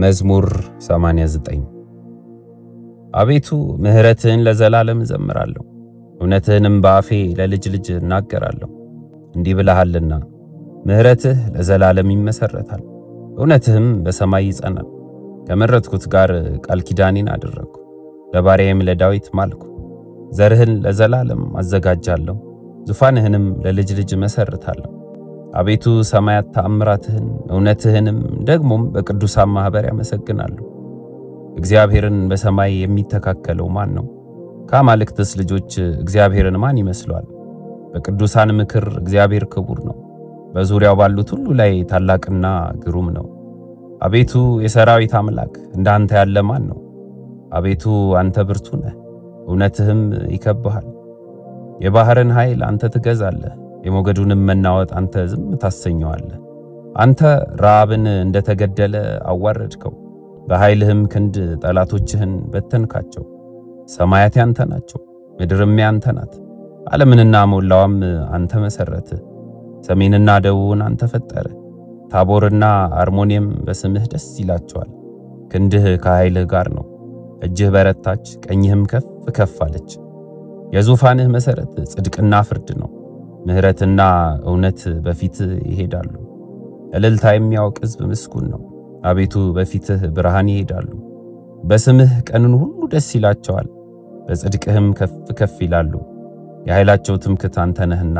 መዝሙር 89 አቤቱ ምሕረትህን ለዘላለም እዘምራለሁ፣ እውነትህንም በአፌ ለልጅ ልጅ እናገራለሁ። እንዲህ ብለሃልና ምሕረትህ ለዘላለም ይመሰረታል፣ እውነትህም በሰማይ ይጸናል። ከመረጥኩት ጋር ቃል ኪዳኔን አደረግኩ፣ ለባሪያዬም ለዳዊት ማልኩ። ዘርህን ለዘላለም አዘጋጃለሁ፣ ዙፋንህንም ለልጅ ልጅ እመሰርታለሁ። አቤቱ ሰማያት ተአምራትህን እውነትህንም ደግሞም በቅዱሳን ማኅበር ያመሰግናሉ። እግዚአብሔርን በሰማይ የሚተካከለው ማን ነው? ከአማልክትስ ልጆች እግዚአብሔርን ማን ይመስሏል? በቅዱሳን ምክር እግዚአብሔር ክቡር ነው፣ በዙሪያው ባሉት ሁሉ ላይ ታላቅና ግሩም ነው። አቤቱ የሰራዊት አምላክ እንደ አንተ ያለ ማን ነው? አቤቱ አንተ ብርቱ ነህ፣ እውነትህም ይከብሃል። የባሕርን ኃይል አንተ ትገዛለህ የሞገዱንም መናወጥ አንተ ዝም ታሰኘዋለህ። አንተ ረዓብን እንደተገደለ አዋረድከው፣ በኃይልህም ክንድ ጠላቶችህን በተንካቸው። ሰማያት ያንተ ናቸው፣ ምድርም ያንተ ናት። ዓለምንና ሞላዋም አንተ መሠረትህ። ሰሜንና ደቡብን አንተ ፈጠረ። ታቦርና አርሞኒየም በስምህ ደስ ይላቸዋል። ክንድህ ከኃይልህ ጋር ነው። እጅህ በረታች፣ ቀኝህም ከፍ ከፍ አለች። የዙፋንህ መሠረት ጽድቅና ፍርድ ነው። ምሕረትና እውነት በፊት ይሄዳሉ። እልልታ የሚያውቅ ሕዝብ ምስጉን ነው። አቤቱ በፊትህ ብርሃን ይሄዳሉ። በስምህ ቀንን ሁሉ ደስ ይላቸዋል፣ በጽድቅህም ከፍ ከፍ ይላሉ። የኃይላቸው ትምክት አንተ ነህና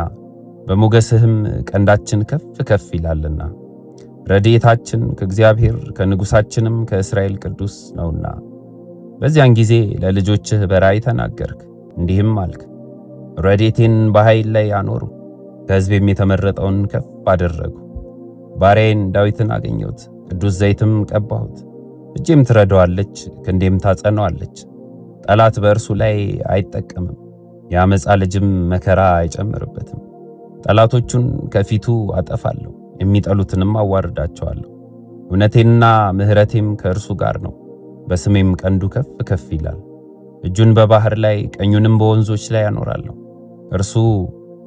በሞገስህም ቀንዳችን ከፍ ከፍ ይላልና። ረድኤታችን ከእግዚአብሔር ከንጉሣችንም ከእስራኤል ቅዱስ ነውና። በዚያን ጊዜ ለልጆችህ በራእይ ተናገርክ እንዲህም አልክ ረዴቴን በኃይል ላይ አኖሩ፣ ከሕዝቤም የተመረጠውን ከፍ አደረጉ። ባሪያዬን ዳዊትን አገኘሁት፣ ቅዱስ ዘይትም ቀባሁት። እጄም ትረዳዋለች፣ ክንዴም ታጸነዋለች። ጠላት በእርሱ ላይ አይጠቀምም፣ የአመፃ ልጅም መከራ አይጨምርበትም። ጠላቶቹን ከፊቱ አጠፋለሁ፣ የሚጠሉትንም አዋርዳቸዋለሁ። እውነቴና ምሕረቴም ከእርሱ ጋር ነው፣ በስሜም ቀንዱ ከፍ ከፍ ይላል። እጁን በባህር ላይ ቀኙንም በወንዞች ላይ ያኖራለሁ። እርሱ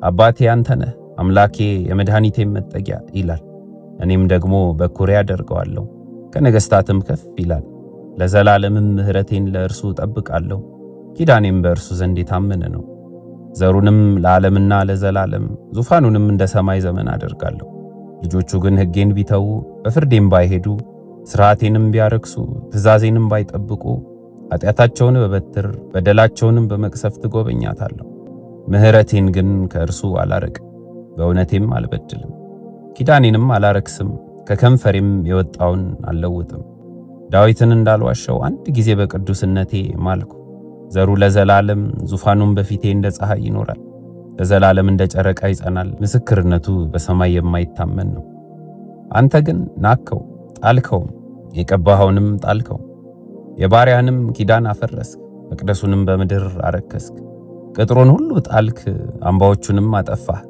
አባቴ አንተ ነህ አምላኬ የመድኃኒቴም መጠጊያ ይላል። እኔም ደግሞ በኩሬ አደርገዋለሁ፣ ከነገሥታትም ከፍ ይላል። ለዘላለምም ምሕረቴን ለእርሱ እጠብቃለሁ፣ ኪዳኔም በእርሱ ዘንድ የታመነ ነው። ዘሩንም ለዓለምና ለዘላለም ዙፋኑንም እንደ ሰማይ ዘመን አደርጋለሁ። ልጆቹ ግን ሕጌን ቢተዉ በፍርዴም ባይሄዱ ሥርዓቴንም ቢያረክሱ ትእዛዜንም ባይጠብቁ ኃጢአታቸውን በበትር በደላቸውንም በመቅሰፍት ጎበኛታለሁ። ምሕረቴን ግን ከእርሱ አላረቅ፣ በእውነቴም አልበድልም፣ ኪዳኔንም አላረክስም፣ ከከንፈሬም የወጣውን አልለውጥም። ዳዊትን እንዳልዋሸው አንድ ጊዜ በቅዱስነቴ ማልኩ። ዘሩ ለዘላለም ዙፋኑም በፊቴ እንደ ፀሐይ ይኖራል፣ ለዘላለም እንደ ጨረቃ ይጸናል። ምስክርነቱ በሰማይ የማይታመን ነው። አንተ ግን ናከው ጣልከውም፣ የቀባኸውንም ጣልከው፣ የባሪያንም ኪዳን አፈረስክ፣ መቅደሱንም በምድር አረከስክ። ቅጥሩን ሁሉ ጣልክ፣ አምባዎቹንም አጠፋህ።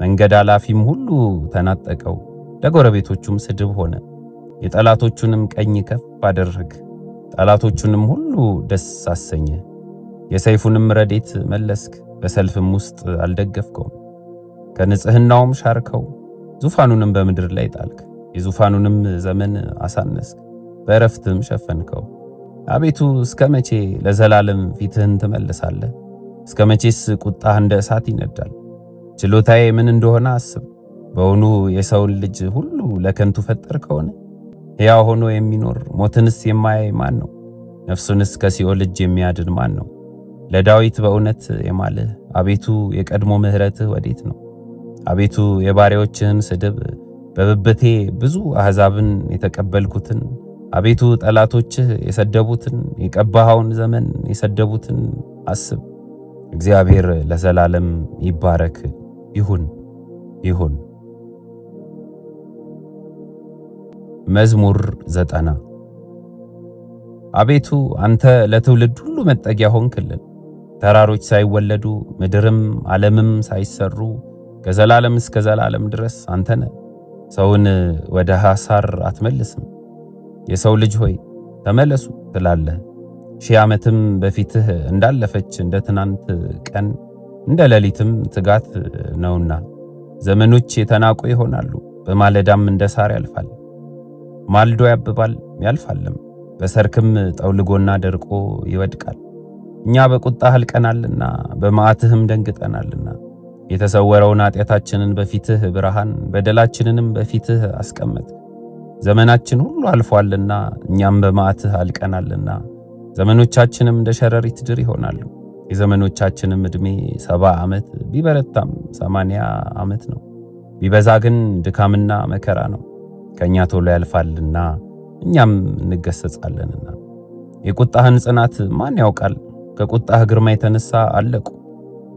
መንገድ አላፊም ሁሉ ተናጠቀው፣ ለጎረቤቶቹም ስድብ ሆነ። የጠላቶቹንም ቀኝ ከፍ አደረግ፣ ጠላቶቹንም ሁሉ ደስ አሰኘ። የሰይፉንም ረዴት መለስክ፣ በሰልፍም ውስጥ አልደገፍከውም። ከንጽህናውም ሻርከው፣ ዙፋኑንም በምድር ላይ ጣልክ። የዙፋኑንም ዘመን አሳነስክ፣ በእረፍትም ሸፈንከው። አቤቱ እስከ መቼ ለዘላለም ፊትህን ትመልሳለህ? እስከ መቼስ ቁጣህ እንደ እሳት ይነዳል? ችሎታዬ ምን እንደሆነ አስብ። በውኑ የሰውን ልጅ ሁሉ ለከንቱ ፈጠር ከሆነ ሕያው ሆኖ የሚኖር ሞትንስ የማያይ ማን ነው? ነፍሱንስ ከሲኦል እጅ የሚያድን ማን ነው? ለዳዊት በእውነት የማልህ አቤቱ የቀድሞ ምሕረትህ ወዴት ነው? አቤቱ የባሪያዎችህን ስድብ በብብቴ ብዙ አሕዛብን የተቀበልኩትን አቤቱ ጠላቶችህ የሰደቡትን የቀባኸውን ዘመን የሰደቡትን አስብ። እግዚአብሔር ለዘላለም ይባረክ። ይሁን ይሁን። መዝሙር ዘጠና አቤቱ አንተ ለትውልድ ሁሉ መጠጊያ ሆንክልን። ተራሮች ሳይወለዱ ምድርም ዓለምም ሳይሰሩ ከዘላለም እስከ ዘላለም ድረስ አንተ ነህ። ሰውን ወደ ሐሳር አትመልስም። የሰው ልጅ ሆይ ተመለሱ ትላለህ። ሺህ ዓመትም በፊትህ እንዳለፈች እንደ ትናንት ቀን እንደ ሌሊትም ትጋት ነውና ዘመኖች የተናቁ ይሆናሉ። በማለዳም እንደ ሳር ያልፋል፣ ማልዶ ያብባል ያልፋልም፣ በሰርክም ጠውልጎና ደርቆ ይወድቃል። እኛ በቁጣ አልቀናልና በማዕትህም ደንግጠናልና የተሰወረውን ኃጢአታችንን በፊትህ ብርሃን በደላችንንም በፊትህ አስቀመጥ። ዘመናችን ሁሉ አልፏልና እኛም በማዕትህ አልቀናልና ዘመኖቻችንም እንደ ሸረሪት ድር ይሆናሉ። የዘመኖቻችንም ዕድሜ ሰባ ዓመት ቢበረታም ሰማንያ ዓመት ነው። ቢበዛ ግን ድካምና መከራ ነው። ከእኛ ቶሎ ያልፋልና እኛም እንገሰጻለንና የቁጣህን ጽናት ማን ያውቃል? ከቁጣህ ግርማ የተነሳ አለቁ።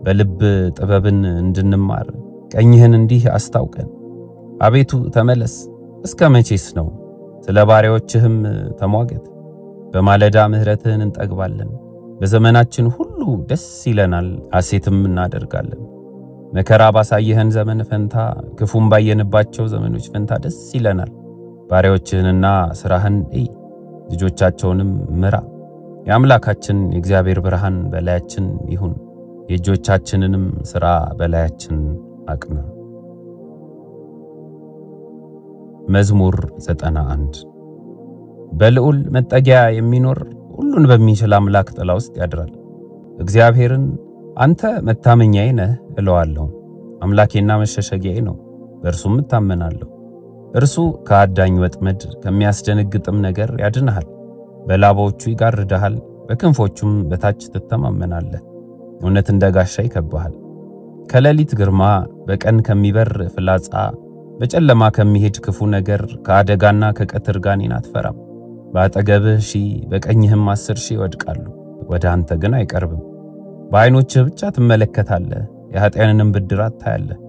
በልብ ጥበብን እንድንማር ቀኝህን እንዲህ አስታውቀን። አቤቱ ተመለስ፣ እስከ መቼስ ነው? ስለ ባሪያዎችህም ተሟገት። በማለዳ ምሕረትህን እንጠግባለን። በዘመናችን ሁሉ ደስ ይለናል፣ ሐሴትም እናደርጋለን። መከራ ባሳየህን ዘመን ፈንታ፣ ክፉም ባየንባቸው ዘመኖች ፈንታ ደስ ይለናል። ባሪያዎችህንና ሥራህን እይ፣ ልጆቻቸውንም ምራ። የአምላካችን የእግዚአብሔር ብርሃን በላያችን ይሁን፣ የእጆቻችንንም ሥራ በላያችን አቅና። መዝሙር 91 በልዑል መጠጊያ የሚኖር ሁሉን በሚችል አምላክ ጥላ ውስጥ ያድራል። እግዚአብሔርን አንተ መታመኛዬ ነህ እለዋለሁ። አምላኬና መሸሸጊያዬ ነው፣ በእርሱም እታመናለሁ። እርሱ ከአዳኝ ወጥመድ ከሚያስደነግጥም ነገር ያድንሃል። በላባዎቹ ይጋርድሃል፣ በክንፎቹም በታች ትተማመናለህ። እውነት እንደ ጋሻ ይከብሃል። ከሌሊት ግርማ፣ በቀን ከሚበር ፍላጻ፣ በጨለማ ከሚሄድ ክፉ ነገር፣ ከአደጋና ከቀትር ጋኔን አትፈራም። በአጠገብህ ሺህ በቀኝህም አስር ሺህ ይወድቃሉ፣ ወደ አንተ ግን አይቀርብም። በዐይኖችህ ብቻ ትመለከታለህ፣ የኃጢያንንም ብድራት ታያለህ።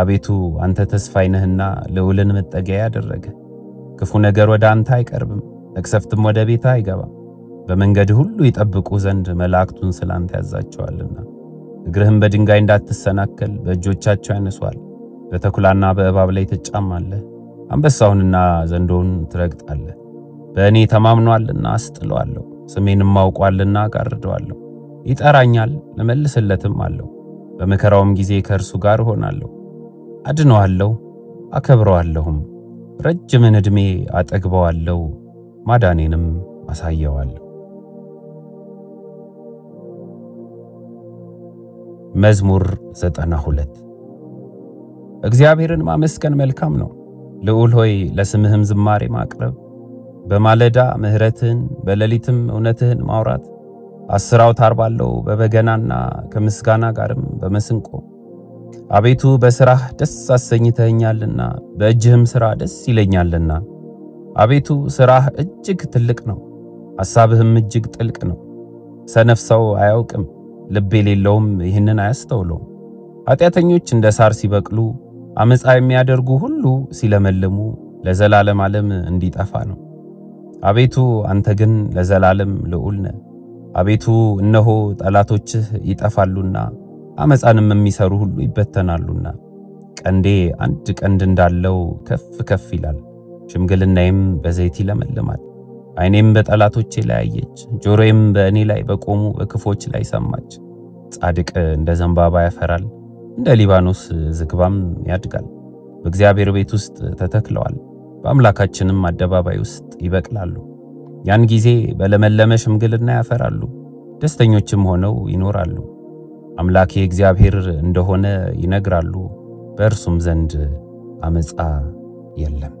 አቤቱ አንተ ተስፋዬ ነህና ልዑልን መጠጊያ ያደረገ። ክፉ ነገር ወደ አንተ አይቀርብም፣ መቅሰፍትም ወደ ቤትህ አይገባም። በመንገድ ሁሉ ይጠብቁ ዘንድ መላእክቱን ስላንተ ያዛቸዋልና፣ እግርህም በድንጋይ እንዳትሰናከል በእጆቻቸው ያነሷል። በተኩላና በእባብ ላይ ትጫማለህ፣ አንበሳውንና ዘንዶውን ትረግጣለህ። በእኔ ተማምኗልና አስጥለዋለሁ፣ ስሜንም አውቋልና አጋርደዋለሁ። ይጠራኛል እመልስለትም አለሁ። በመከራውም ጊዜ ከእርሱ ጋር እሆናለሁ፣ አድነዋለሁ፣ አከብረዋለሁም። ረጅምን ዕድሜ አጠግበዋለሁ፣ ማዳኔንም አሳየዋለሁ። መዝሙር 92 እግዚአብሔርን ማመስገን መልካም ነው። ልዑል ሆይ ለስምህም ዝማሬ ማቅረብ በማለዳ ምሕረትህን በሌሊትም እውነትህን ማውራት አስር አውታር ባለው በበገናና ከምስጋና ጋርም በመስንቆ አቤቱ በሥራህ ደስ አሰኝተኸኛልና በእጅህም ሥራ ደስ ይለኛልና። አቤቱ ሥራህ እጅግ ትልቅ ነው፣ ሐሳብህም እጅግ ጥልቅ ነው። ሰነፍ ሰው አያውቅም፣ ልብ የሌለውም ይህንን አያስተውለውም። ኃጢአተኞች እንደ ሳር ሲበቅሉ፣ አመጻ የሚያደርጉ ሁሉ ሲለመልሙ፣ ለዘላለም ዓለም እንዲጠፋ ነው። አቤቱ አንተ ግን ለዘላለም ልዑል ነህ። አቤቱ እነሆ ጠላቶችህ ይጠፋሉና አመፃንም የሚሰሩ ሁሉ ይበተናሉና ቀንዴ አንድ ቀንድ እንዳለው ከፍ ከፍ ይላል፣ ሽምግልናዬም በዘይት ይለመልማል። ዓይኔም በጠላቶቼ ላይ አየች፣ ጆሮዬም በእኔ ላይ በቆሙ በክፎች ላይ ሰማች። ጻድቅ እንደ ዘንባባ ያፈራል፣ እንደ ሊባኖስ ዝግባም ያድጋል። በእግዚአብሔር ቤት ውስጥ ተተክለዋል በአምላካችንም አደባባይ ውስጥ ይበቅላሉ። ያን ጊዜ በለመለመ ሽምግልና ያፈራሉ፣ ደስተኞችም ሆነው ይኖራሉ። አምላኬ እግዚአብሔር እንደሆነ ይነግራሉ፣ በእርሱም ዘንድ አመፃ የለም።